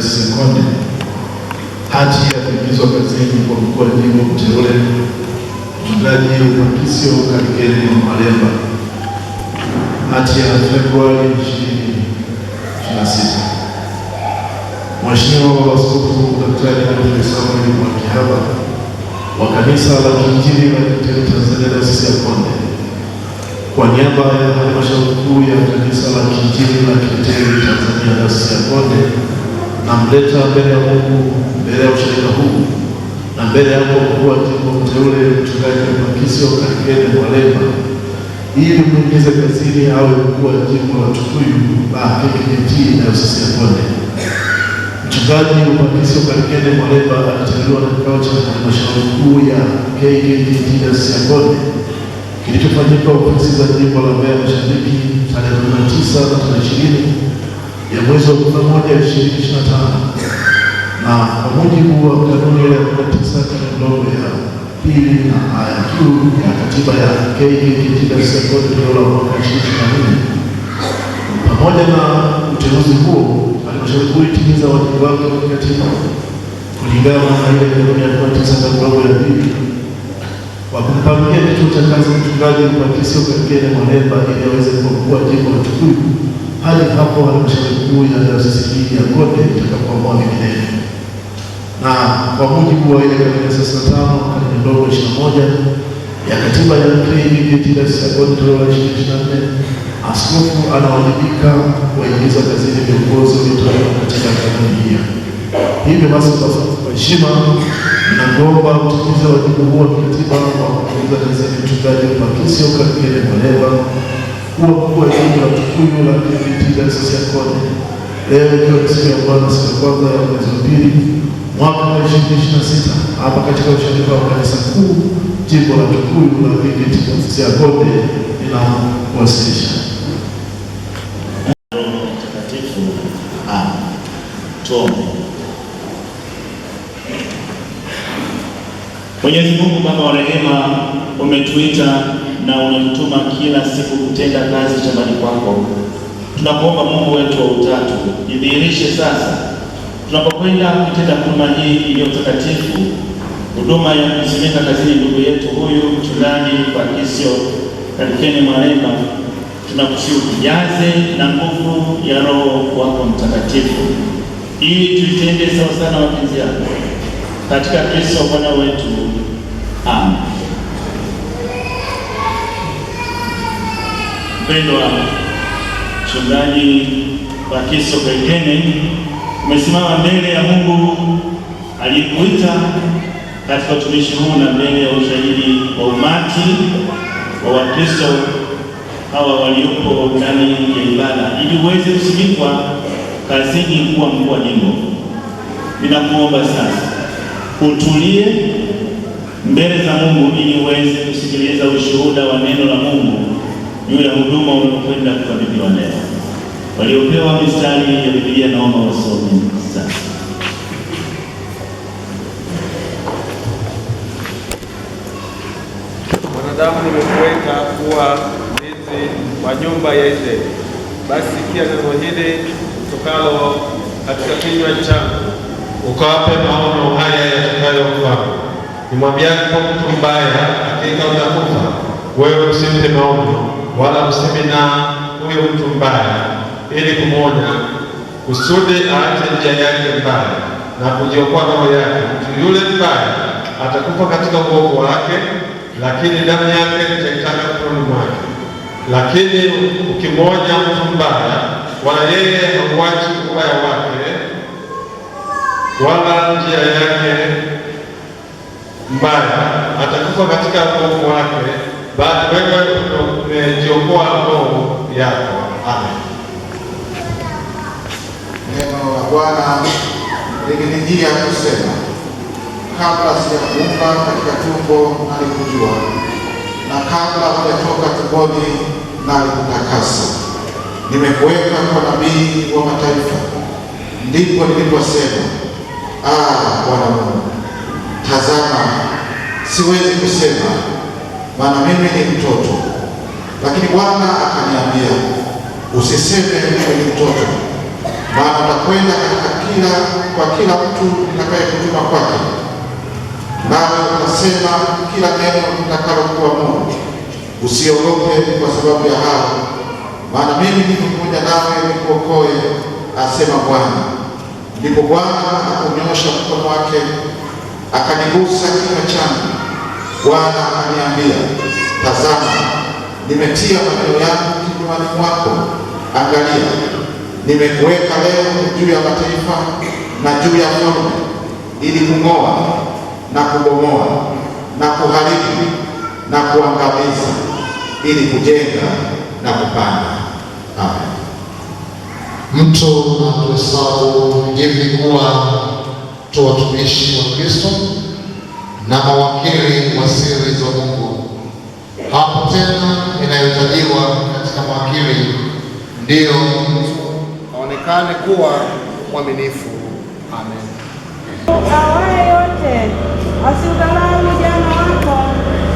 Agnes Nkonde hati ataingizwa kazini kwa mkuu wa jimbo mteule mchungaji Upatricio Kalikeni wa Malemba hati ya Februari 2026. Mheshimiwa Askofu Daktari Godfrey Samuel Mwakihaba wa Kanisa la Kiinjili la Kilutheri Tanzania Dayosisi ya Konde, kwa niaba ya halmashauri kuu ya Kanisa la Kiinjili la Kilutheri Tanzania Dayosisi ya Konde namleta mbele ya Mungu, mbele ya ushirika huu na mbele yako mkuu jimbo mteule Mchungaji Makiso Kakene Mwalema, ili kuingize kazini awe mkuu wa jimbo la Tukuyu BAKKT Dayosisi Mchungaji Makiso Kakene Mwalema aliteuliwa na kikao cha halmashauri kuu ya KKKT Dayosisi Yakonde kilichofanyika ofisi za jimbo la Mbeya Mashariki tarehe 19 na tarehe 20 ya mwezi wa kumi na moja elfu ishirini na tano na kwa mujibu wa kanuni ya kumi na tisa ndogo ya pili na aya Q ya katiba ya KKKT la mwaka ishirini ishirini na nne. Pamoja na uteuzi huo, halmashauri kuu ilitimiza wajibu wake wa kikatiba kulingana na ile kanuni ya kumi na tisa ndogo ya pili wakumpangia kumpangia kituo cha kazi mchungaji Mbathiso Kakene Mwaremba ili aweze kuwa jimbo la Tukuyu hadi hapo halmashauri kuu ya Dayosisi hii ya Konde itakapoamua ni milele. Na kwa mujibu wa ile kanuni ya thelathini na tano kanuni ndogo ishirini na moja ya katiba ya Konde ishirini na nne askofu anawajibika kuwaingiza kazini viongozi waliotolewa katika kanuni hiyo. Hivyo basi kwa heshima Nakuomba utimize wajibu huo mkatiba kwa kuuza kazi mchungaji Pakisi Ukakile Mwaleba kuwa mkuu wa elimu ya Tukuyu la KVT Dayosisi ya Konde. Leo ikiwa ni siku ya Bwana, siku ya kwanza ya mwezi wa pili mwaka wa ishirini ishirini na sita hapa katika ushirika wa kanisa kuu jimbo la Tukuyu la KVT Dayosisi ya Konde ninawasilisha mtakatifu ah, Mwenyezi Mungu Baba wa rehema, umetuita na unatutuma kila siku kutenda kazi shambani kwako. Tunakuomba Mungu wetu wa utatu, jidhihirishe sasa tunapokwenda kutenda huduma hii iliyo takatifu, huduma ya kusimika kazini ndugu yetu huyu mchungaji kisio Kalikeni Mwarema, tunakusihi ujaze na nguvu ya Roho wako Mtakatifu ili tuitende sawa sana mapenzi yako katika Kristo Bwana wetu. Amen. Mpendwa mchungaji Kristo kekene umesimama mbele ya Mungu alikuita katika utumishi huu na mbele ya ushahidi wa umati wa Wakristo hawa waliopo ndani ya ibada, ili uweze kusimikwa kazini kuwa mkuu wa jimbo. Ninakuomba sasa utulie mbele za Mungu ili uweze kusikiliza ushuhuda wa neno la Mungu juu ya huduma uliokwenda kukabidhiwa leo. Waliopewa mistari ya Biblia naomba wasome sasa. Mwanadamu, nimekuweka kuwa mlinzi wa nyumba ya Israeli, basi sikia neno hili tokalo katika kinywa changu, ukawape maono haya yatakayokuwa nimwambiapo mtu mbaya, akika utakufa, wewe usimpe maombi wala usimi na huyo mtu mbaya, ili kumwonya kusudi aache njia yake mbaya na kujiokoa roho yake. Mtu yule mbaya atakufa katika uovu wake, lakini damu yake itaitaka mkononi mwake. Lakini ukimwonya mtu mbaya, wala yeye hauwachi ubaya wake wala njia yake mbaya, atakufa katika uovu wake, bali wewe umejiokoa roho yako. Amen. Neno la Bwana lilinijia kusema, kabla sijakuumba katika tumbo nalikujua, na kabla hujatoka tumboni nalikutakasa, nimekuweka kwa nabii wa mataifa. Ndipo niliposema, ah Bwana Mungu Tazama, siwezi kusema, maana mimi ni mtoto, lakini Bwana akaniambia usiseme mimi ni mtoto, maana utakwenda katika kila kwa kila mtu kutuma kwake, nawe utasema kila neno nitakalokuwa Mungu. Usiogope kwa sababu ya hao, maana mimi ni pamoja nawe nikuokoe, asema Bwana. Ndipo Bwana akunyoosha mkono wake akanigusa kinywa changu, Bwana akaniambia, tazama, nimetia maneno yangu kinywani mwako. Angalia, nimekuweka leo juu ya mataifa na juu ya falme, ili kung'oa na kubomoa na kuharibu na kuangamiza, ili kujenga na kupanda. Amen. Mtu anahesabu hivi kuwa cha watumishi wa Kristo na mawakili wa siri za Mungu. Hapo tena inayotajwa katika mawakili ndiyo aonekane kuwa mwaminifu. Amen. Awaye yote asiudharau ujana wako,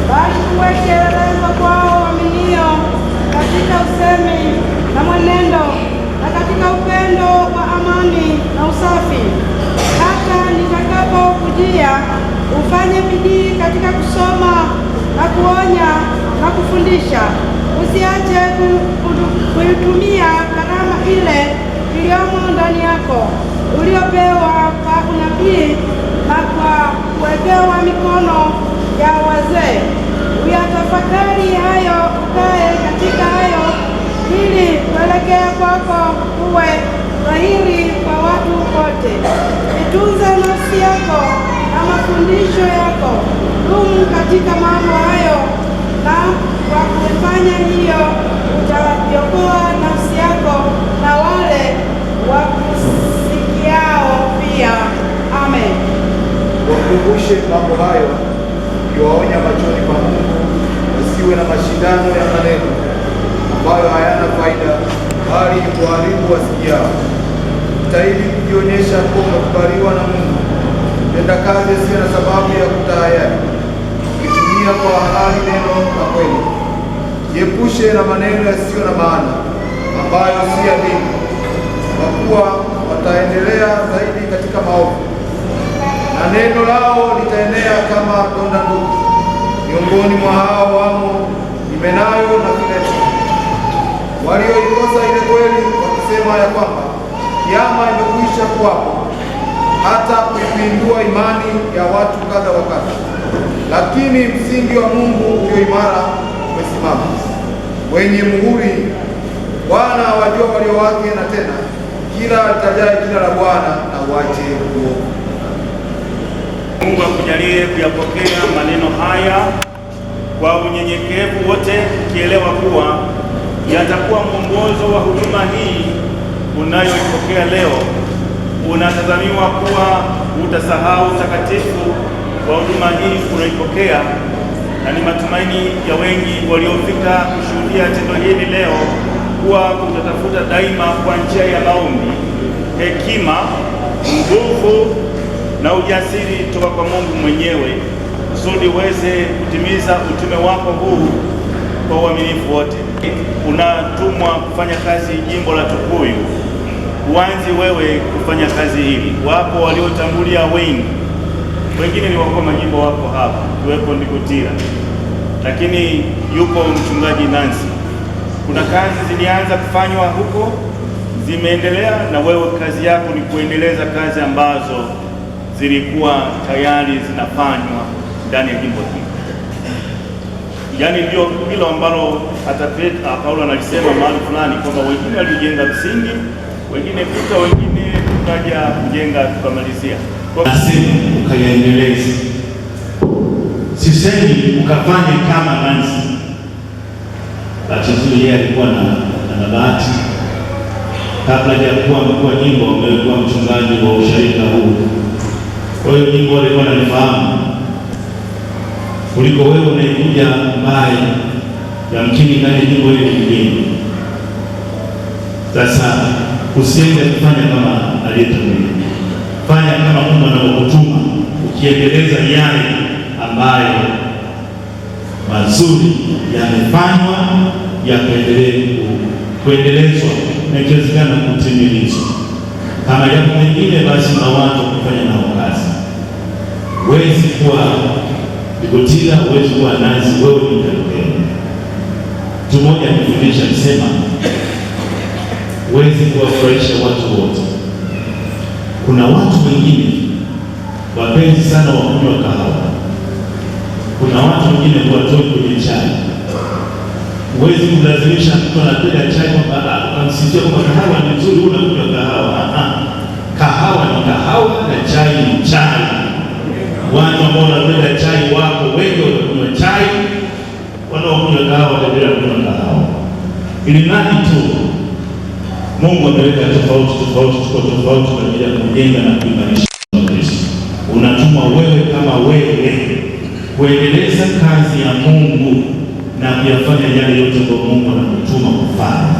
bali uweke elelezo kwao waaminio katika usemi na mwenendo na katika upendo wa amani na usafi litakapokujia ufanye bidii katika kusoma na kuonya na kufundisha. Usiache kuitumia karama ile iliyomo ndani yako uliopewa kwa unabii na kwa kuwekewa mikono ya wazee. Uyatafakari hayo, ukae katika hayo, ili kuelekea kwako kuwe dhahiri kwa watu wote. Itunze nafsi yako na mafundisho yako, dumu katika mambo hayo, na kwa kufanya hiyo utaiokoa nafsi yako na wale wakusikiao pia. Amen. Wakumbushe mambo hayo, kiwaonya machoni pa Mungu, wasiwe na mashindano ya maneno ambayo hayana faida bali ni kuharibu wasikiao. Jitahidi kujionyesha kuwa umekubaliwa na Mungu, tenda kazi isiyo na sababu ya kutahayari, itumia kwa halali neno la kweli. Jiepushe na maneno yasiyo na maana ambayo si ya dini, kwa kuwa wataendelea zaidi katika maovu, na neno lao litaenea kama donda ndugu miongoni mwa hao wamo nimenayo na walioikosa ile kweli wakisema ya kwamba kiama imekwisha kuwapo, hata kuipindua imani ya watu kadha wa kadha. Lakini msingi wa Mungu ulio imara umesimama, wenye muhuri. Bwana wajua walio wake, na tena kila litajaye jina la Bwana na uache huo. Mungu akujalie kuyapokea maneno haya kwa unyenyekevu wote, kielewa kuwa yatakuwa mwongozo wa huduma hii unayoipokea leo, unatazamiwa kuwa utasahau utakatifu wa huduma hii unaipokea, na ni matumaini ya wengi waliofika kushuhudia tendo hili leo kuwa utatafuta daima kwa njia ya maombi hekima, nguvu na ujasiri toka kwa Mungu mwenyewe kusudi uweze kutimiza utume wako huu kwa uaminifu wote unatumwa kufanya kazi jimbo la Tukuyu, uanze wewe kufanya kazi hili. Wapo waliotangulia wengi, wengine ni wako majimbo wako hapa, kiwepo ndikutila lakini yuko mchungaji Nancy. Kuna kazi zilianza kufanywa huko, zimeendelea, na wewe kazi yako ni kuendeleza kazi ambazo zilikuwa tayari zinafanywa ndani ya jimbo hili yani ndio hilo ambalo hata ah, Paulo analisema mahali fulani kwamba wengine walijenga msingi, wengine kuta, wengine tukaja kujenga tukamalizia, ukayaendeleza. Sisemi ukafanye kama Manzi. Bahati nzuri yeye alikuwa na bahati, kabla ya kuwa mkuu wa jimbo amekuwa mchungaji wa ushirika huu, kwa hiyo jimbo alikuwa analifahamu kuliko wewe unaikuja mbali ya mkini ndani jimbo hili lingine. Sasa usiende kufanya kama aliyetangulia, fanya kama Mungu anavyokutuma ukiendeleza yale ambayo mazuri yamefanywa yakuendelee kuendelezwa na ikiwezekana kutimilizwa. Kama jambo lingine, basi na watu kufanya nao kazi, wezi kuwa Nikotila huwezi kuwa nazi, wewe ni mtapeli. Mtu mmoja alikufundisha kusema huwezi kuwafurahisha watu wote. Kuna watu wengine wapenzi sana wa kunywa kahawa, kuna watu wengine huwatoi kwenye chai. Huwezi kumlazimisha mtu anapenda chai kwamba ah, unamsikia kwamba kahawa ni nzuri, unakunywa kahawa. Kahawa ni kahawa na chai ni chai watu ambao wanapenda chai wako wengi, wanakunywa chai, wanaokunywa kahawa wataendelea kunywa kahawa, ili nani tu Mungu ameweka tofauti tofauti, tuko tofauti kwa ajili ya kujenga na kuimarisha Kristo. Unatumwa wewe kama wewe kuendeleza kazi ya Mungu na kuyafanya yale yote ambayo Mungu anakutuma kufanya.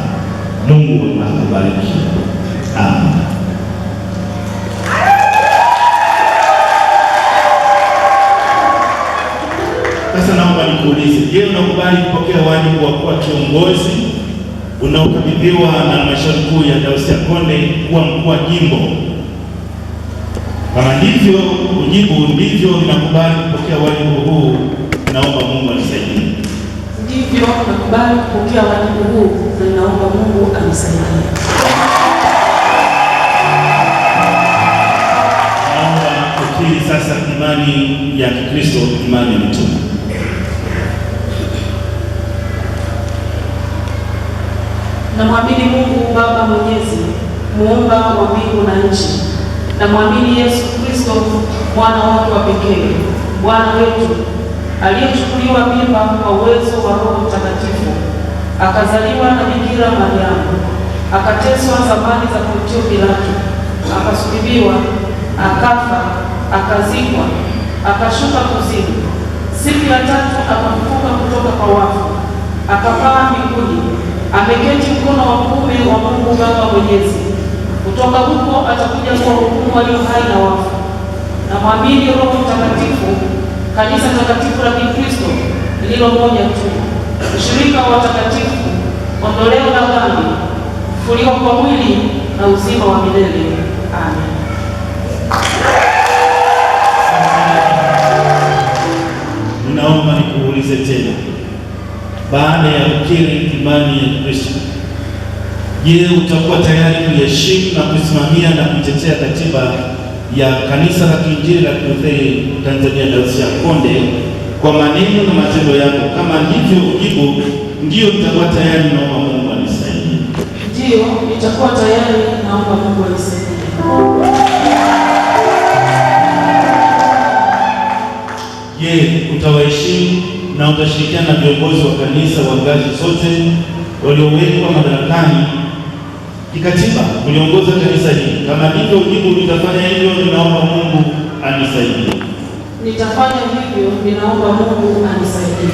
Mungu akubariki. Amen. kuwa kiongozi unaokabidhiwa na halmashauri kuu ya Dayosisi ya Konde kuwa mkuu wa jimbo. Kama ah, ndivyo ujibu ndivyo ninakubali kupokea wajibu huu, naomba Mungu anisaidie. Ndivyo nakubali kupokea wajibu huu na naomba Mungu anisaidie. Naomba ukiri sasa imani ya Kikristo, imani ya mtume Namwamini Mungu Baba Mwenyezi, muumba wa mbingu na nchi. Namwamini Yesu Kristo, mwana wake wa pekee, Bwana wetu, aliyechukuliwa mimba kwa uwezo wa Roho Mtakatifu, akazaliwa na Bikira Mariamu, akateswa zamani za Pontio Pilato, akasulubiwa, akafa, akazikwa, akashuka kuzimu, siku ya tatu akafufuka kutoka kwa wafu, akapaa mbinguni ameketi mkono wa kuume wa Mungu Baba Mwenyezi. Kutoka huko atakuja hukumu walio hai na wafu. Na mwamini Roho Mtakatifu, kanisa takatifu la Kikristo lililo moja tu, ushirika wa watakatifu, ondoleo la dhambi, kufufuliwa kwa mwili na uzima wa milele. Amen. Naomba nikuulize tena baada ya kukiri imani ya Kristo. Je, utakuwa tayari kuiheshimu na kusimamia na kuitetea katiba ya Kanisa la Kiinjili la Kilutheri Tanzania Dayosisi ya Konde kwa maneno na matendo yako? Kama ndivyo, ujibu ndio, nitakuwa tayari, naomba Mungu anisaidie. Ndio, nitakuwa tayari, naomba Mungu anisaidie. Je, utawaheshimu na utashirikiana na viongozi wa kanisa wa ngazi zote waliowekwa madarakani kikatiba kuliongoza kanisa hili. Kama ndivyo ujibu nitafanya hivyo, ninaomba Mungu anisaidie. Nitafanya hivyo, ninaomba Mungu anisaidie.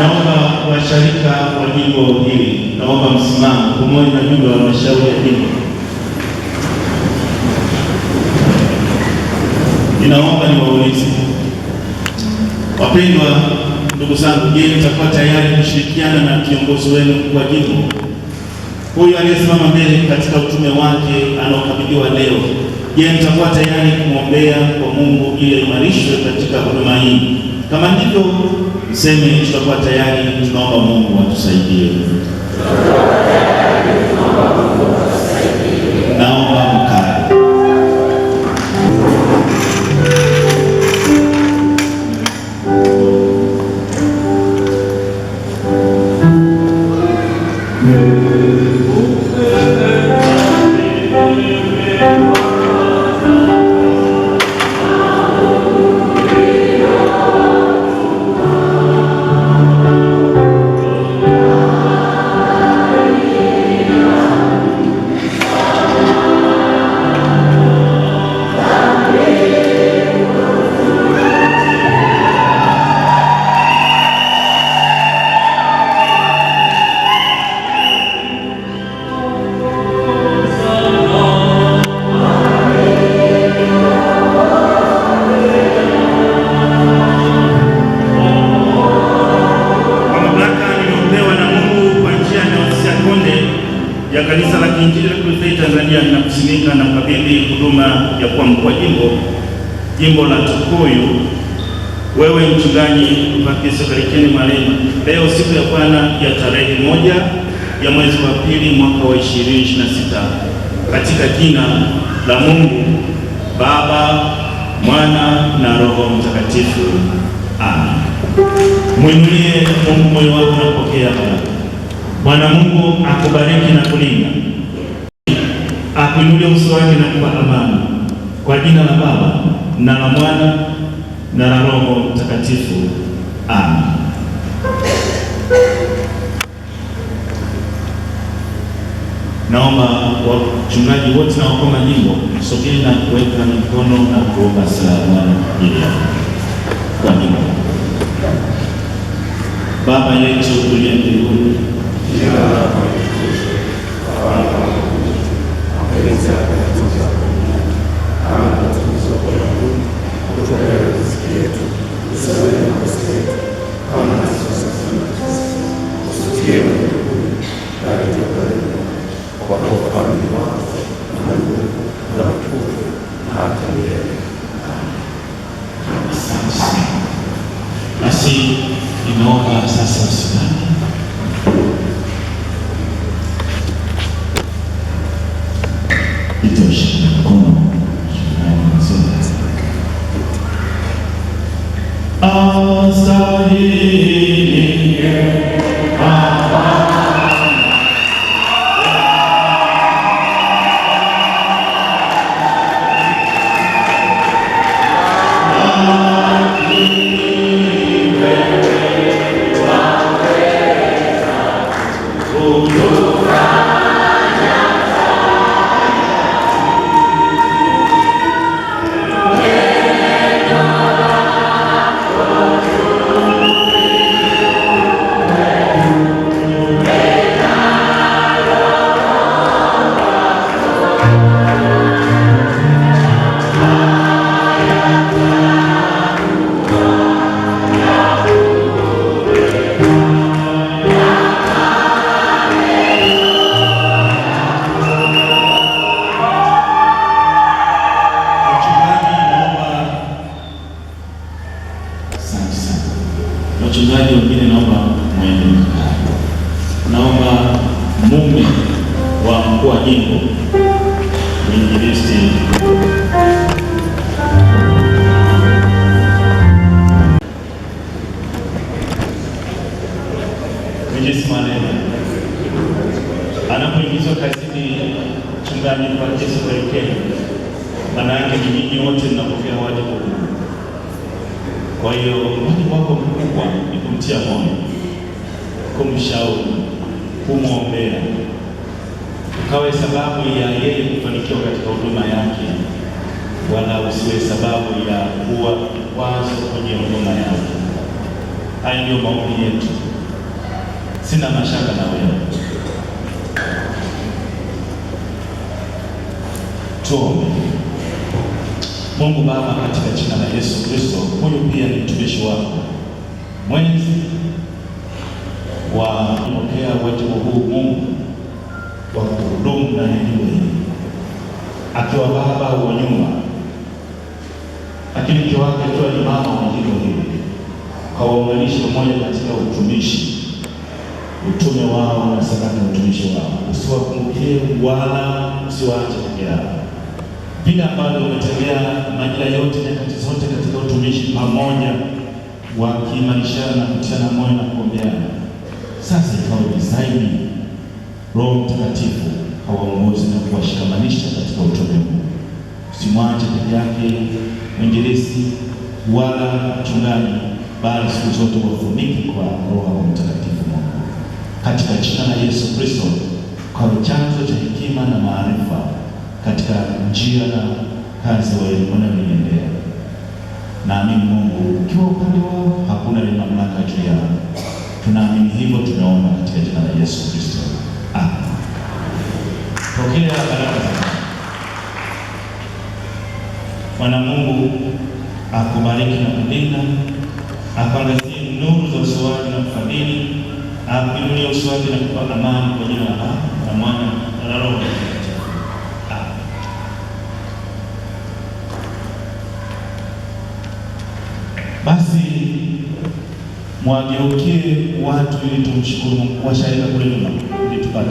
Naomba washarika wa jimbo hili, naomba msimamo pamoja na jumbe wa halmashauri ya jimbo. Ninaomba niwaulize Wapendwa ndugu zangu, je, mtakuwa tayari kushirikiana na kiongozi wenu kwa jimbo huyu aliyesimama mbele katika utume wake anaokabidhiwa leo? Je, mtakuwa tayari kumwombea kwa Mungu ili aimarishwe katika huduma hii? Kama ndivyo, mseme tutakuwa tayari. Tunaomba Mungu atusaidie. sita katika jina la Mungu Baba, Mwana na Roho Mtakatifu. Amen. Mwinulie Mungu moyo wako na pokea baraka. Bwana Mungu akubariki na kulinda, akuinulie uso wake na kupa amani, kwa jina la Baba na la Mwana na la Roho Mtakatifu. Amen. Naomba wachungaji wote na wakuu majimbo sogeni na kuweka mikono na kuomba sala kwa Mungu. Baba yetu uliye You. Kwa hiyo wajibu wako mkubwa ni kumtia moyo, kumshauri, kumwombea, ukawe sababu ya yeye kufanikiwa katika huduma yake, wala usiwe sababu ya kuwa wazo kwenye huduma yake. Haya ndiyo maombi yetu. Sina mashaka na wewe. Tuombe. Mungu Baba, katika jina la Yesu Kristo, huyu pia ni mtumishi wako mwenzi wapokea wajibu huu Mungu wa kuhudumu na neno hili, akiwa baba wa nyumba, lakini mke wake akiwa ni mama wa neno hili, kwa waunganishe mmoja katika utumishi, utume wao na sadaka utumishi wao, usiwakumbukie wala usiwaache peke yao vile ambavyo umetembea majira yote nyakati zote katika utumishi pamoja, wakiimarishana na kutiana moyo na kuombeana. Sasa ikawa zaidi Roho Mtakatifu hawaongozi na kuwashikamanisha katika utume huu. Usimwache peke yake mwinjilisti wala mchungaji, bali siku zote wafunike kwa Roho Mtakatifu Mungu, katika jina la Yesu Kristo, kwa chanzo cha hekima na maarifa katika njia na kazi wanayoiendea. Naamini Mungu ukiwa upande wao, hakuna ni mamlaka juu yao. Tunaamini hivyo, tunaomba katika jina la Yesu Kristo, amen. Pokea baraka Bwana. Mungu akubariki na kulinda, akuangazie nuru za uso wake na kufadhili, akuinulie uso wake na kupa amani, kwa jina la Baba na Mwana na Roho Basi mwageukie watu ili tumshukuru Mungu, washaenda kule nyuma ili tupate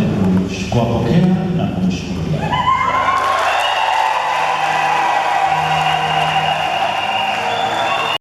kuwapokea na kumshukuru.